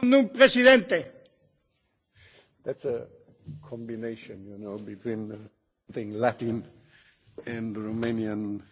Domnul președinte. That's a combination, you know, between the uh, thing Latin and Romanian